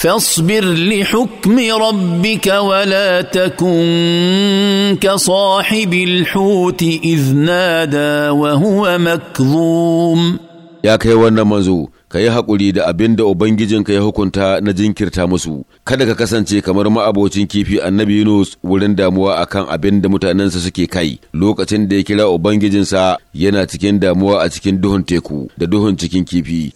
فاصبر لحكم ربك ولا تكن كصاحب الحوت إذ نادى وهو مكظوم يا كي wannan manzo ka yi haƙuri da abin da Ubangijinka ya hukunta na jinkirta musu, kada ka kasance kamar ma'abocin kifi annabi Yunus wurin damuwa akan abin da mutanensa suke kai lokacin da ya kira Ubangijinsa yana cikin damuwa a cikin duhun teku da duhun cikin kifi.